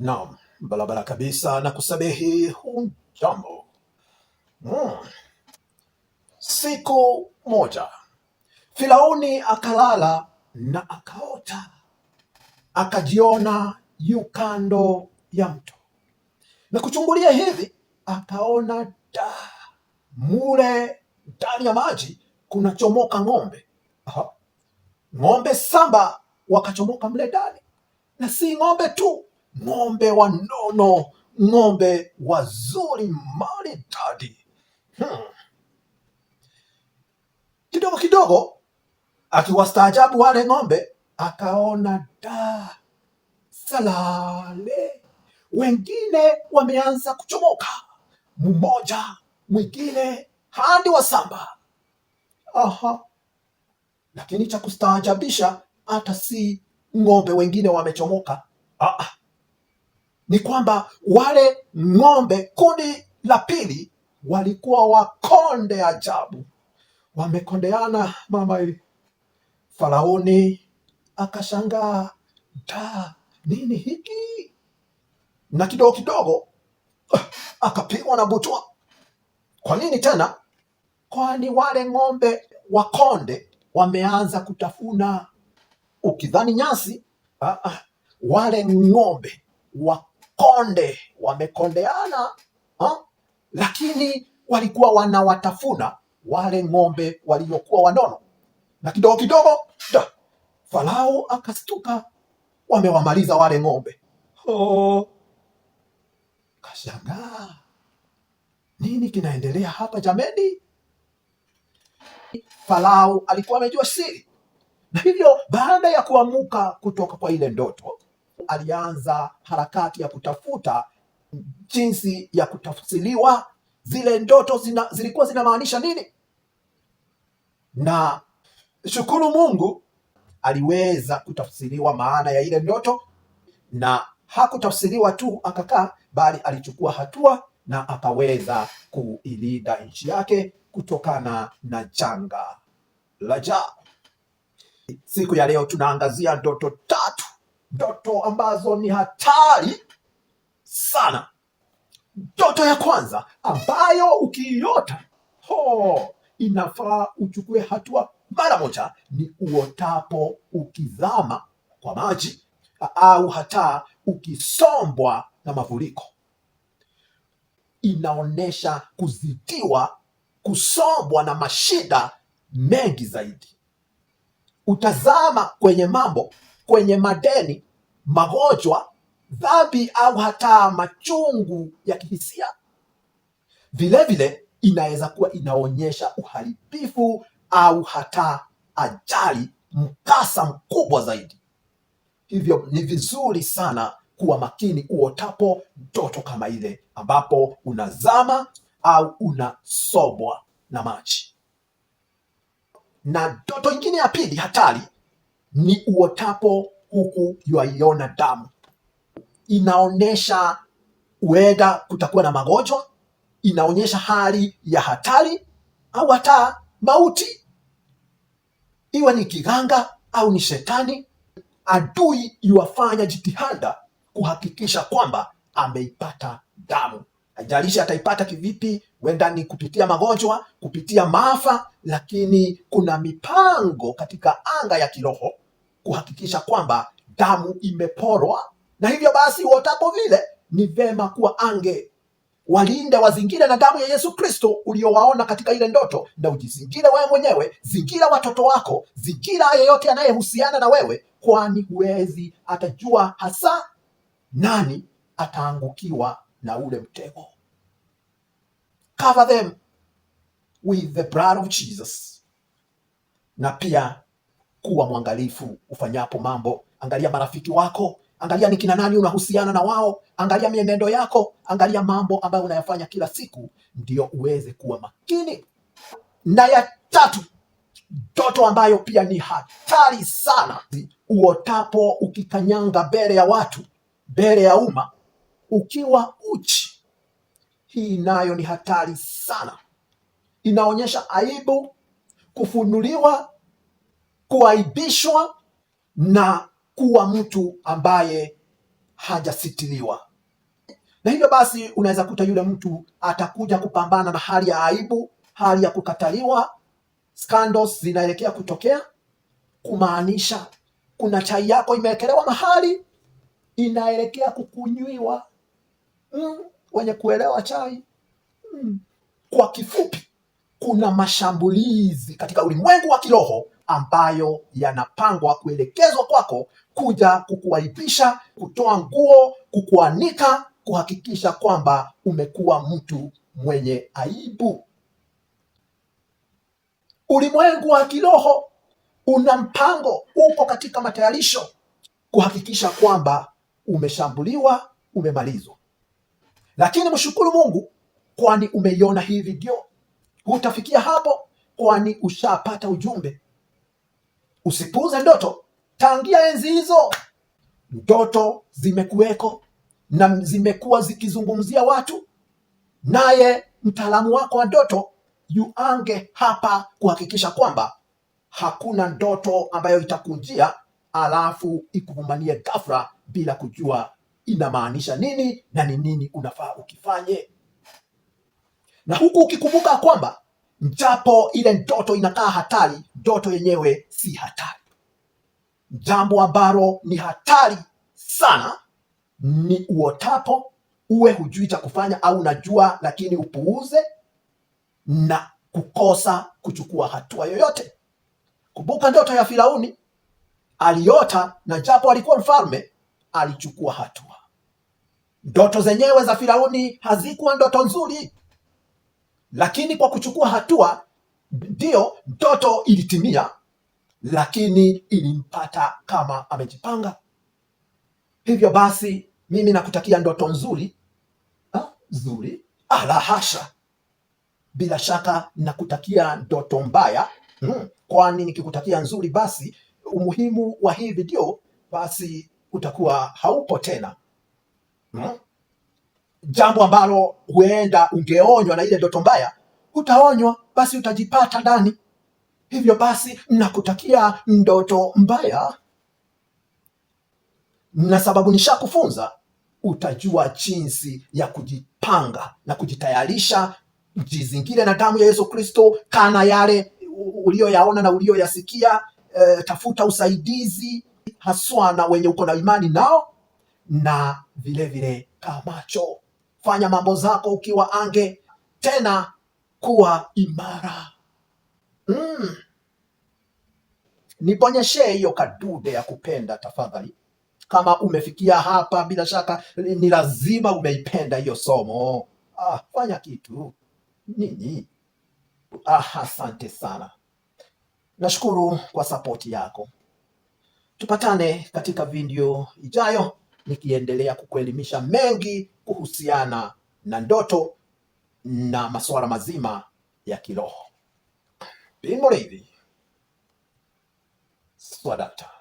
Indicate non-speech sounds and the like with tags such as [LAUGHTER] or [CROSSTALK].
Naam, barabara kabisa na kusabihi hujambo. Mm. Siku moja Firauni akalala na akaota, akajiona yu kando ya mto, na kuchungulia hivi akaona da mule ndani ya maji kunachomoka ng'ombe. Aha. Ng'ombe saba wakachomoka mle ndani, na si ng'ombe tu ng'ombe wa nono ng'ombe wazuri maridadi. Hmm. Kidogo kidogo akiwastaajabu wale ng'ombe, akaona da salale, wengine wameanza kuchomoka, mmoja mwingine hadi wasamba. Aha, lakini cha kustaajabisha hata si ng'ombe wengine wamechomoka. Ah, ah ni kwamba wale ng'ombe, kundi la pili, walikuwa wakonde ajabu, wamekondeana mama. Faraoni akashangaa, da, nini hiki? Na kidogo kidogo [LAUGHS] akapigwa na butwa. Kwa nini tena? Kwani wale ng'ombe wakonde wameanza kutafuna, ukidhani nyasi. Ah, ah wale ng'ombe wa konde, wamekondeana ha? Lakini walikuwa wanawatafuna wale ng'ombe waliokuwa wanono, na kidogo kidogo da, Farao akastuka, wamewamaliza wale ng'ombe oh. Kashangaa, nini kinaendelea hapa jameni? Farao alikuwa amejua siri, na hivyo baada ya kuamuka kutoka kwa ile ndoto alianza harakati ya kutafuta jinsi ya kutafsiriwa zile ndoto zina, zilikuwa zinamaanisha nini, na shukuru Mungu aliweza kutafsiriwa maana ya ile ndoto, na hakutafsiriwa tu akakaa, bali alichukua hatua na akaweza kuilinda nchi yake kutokana na janga la njaa. Siku ya leo tunaangazia ndoto tatu ndoto ambazo ni hatari sana. Ndoto ya kwanza ambayo ukiiota ho inafaa uchukue hatua mara moja ni uotapo ukizama kwa maji au hata ukisombwa na mafuriko. Inaonyesha kuzidiwa, kusombwa na mashida mengi zaidi. Utazama kwenye mambo kwenye madeni, magonjwa, dhambi au hata machungu ya kihisia. Vilevile inaweza kuwa inaonyesha uharibifu au hata ajali, mkasa mkubwa zaidi. Hivyo ni vizuri sana kuwa makini uotapo ndoto kama ile, ambapo unazama au unasobwa na maji. Na ndoto nyingine ya pili hatari ni uotapo huku yuaiona damu, inaonyesha uenda kutakuwa na magonjwa, inaonyesha hali ya hatari au hata mauti, iwe ni kiganga au ni shetani. Adui yuafanya jitihada kuhakikisha kwamba ameipata damu. Haijalishi ataipata kivipi, wenda ni kupitia magonjwa, kupitia maafa, lakini kuna mipango katika anga ya kiroho kuhakikisha kwamba damu imeporwa, na hivyo basi uotapo vile ni vema kuwa ange walinde wazingire na damu ya Yesu Kristo uliowaona katika ile ndoto, na ujizingire wewe mwenyewe, zingira watoto wako, zingira yeyote anayehusiana na wewe, kwani huwezi atajua hasa nani ataangukiwa na ule mtego. Cover them with the blood of Jesus. Na pia kuwa mwangalifu ufanyapo mambo. Angalia marafiki wako, angalia ni kina nani unahusiana na wao, angalia mienendo yako, angalia mambo ambayo unayafanya kila siku, ndio uweze kuwa makini. Na ya tatu, ndoto ambayo pia ni hatari sana, uotapo ukikanyanga mbele ya watu, mbele ya umma, ukiwa uchi. Hii nayo ni hatari sana, inaonyesha aibu, kufunuliwa kuaibishwa na kuwa mtu ambaye hajasitiriwa. Na hivyo basi, unaweza kuta yule mtu atakuja kupambana na hali ya aibu, hali ya kukataliwa, scandals zinaelekea kutokea, kumaanisha kuna chai yako imewekelewa mahali inaelekea kukunywiwa. Mm, wenye kuelewa chai mm. Kwa kifupi, kuna mashambulizi katika ulimwengu wa kiroho ambayo yanapangwa kuelekezwa kwako kuja kukuaibisha, kutoa nguo, kukuanika, kuhakikisha kwamba umekuwa mtu mwenye aibu. Ulimwengu wa kiroho una mpango, uko katika matayarisho kuhakikisha kwamba umeshambuliwa, umemalizwa. Lakini mshukuru Mungu, kwani umeiona hii video. Hutafikia hapo, kwani ushapata ujumbe Usipuuze ndoto. Tangia enzi hizo ndoto zimekuweko na zimekuwa zikizungumzia watu, naye mtaalamu wako wa ndoto yuange hapa kuhakikisha kwamba hakuna ndoto ambayo itakujia alafu ikuvumanie ghafla bila kujua inamaanisha nini na ni nini unafaa ukifanye, na huku ukikumbuka kwamba japo ile ndoto inakaa hatari ndoto yenyewe si hatari. Jambo ambalo ni hatari sana ni uotapo, uwe hujui cha kufanya au unajua lakini upuuze na kukosa kuchukua hatua yoyote. Kumbuka ndoto ya Firauni, aliota na japo alikuwa mfalme alichukua hatua. Ndoto zenyewe za Firauni hazikuwa ndoto nzuri, lakini kwa kuchukua hatua ndio ndoto ilitimia, lakini ilimpata kama amejipanga. Hivyo basi mimi nakutakia ndoto nzuri ha? Nzuri ala ah, hasha, bila shaka nakutakia ndoto mbaya hmm. Kwani nikikutakia nzuri, basi umuhimu wa hii video basi utakuwa haupo tena hmm. Jambo ambalo huenda ungeonywa na ile ndoto mbaya utaonywa, basi utajipata ndani. Hivyo basi nakutakia ndoto mbaya, na sababu nishakufunza, utajua jinsi ya kujipanga na kujitayarisha, jizingire na damu ya Yesu Kristo, kana yale uliyoyaona na uliyoyasikia. E, tafuta usaidizi haswa na wenye uko na imani nao, na vilevile kaa macho, fanya mambo zako ukiwa ange tena kuwa imara. Mm. Niponyeshe hiyo kadude ya kupenda tafadhali. Kama umefikia hapa, bila shaka ni lazima umeipenda hiyo somo. Ah, fanya kitu nini? Ah, asante sana, nashukuru kwa sapoti yako. Tupatane katika video ijayo, nikiendelea kukuelimisha mengi kuhusiana na ndoto na masuala mazima ya kiroho. Bingwa swadakta.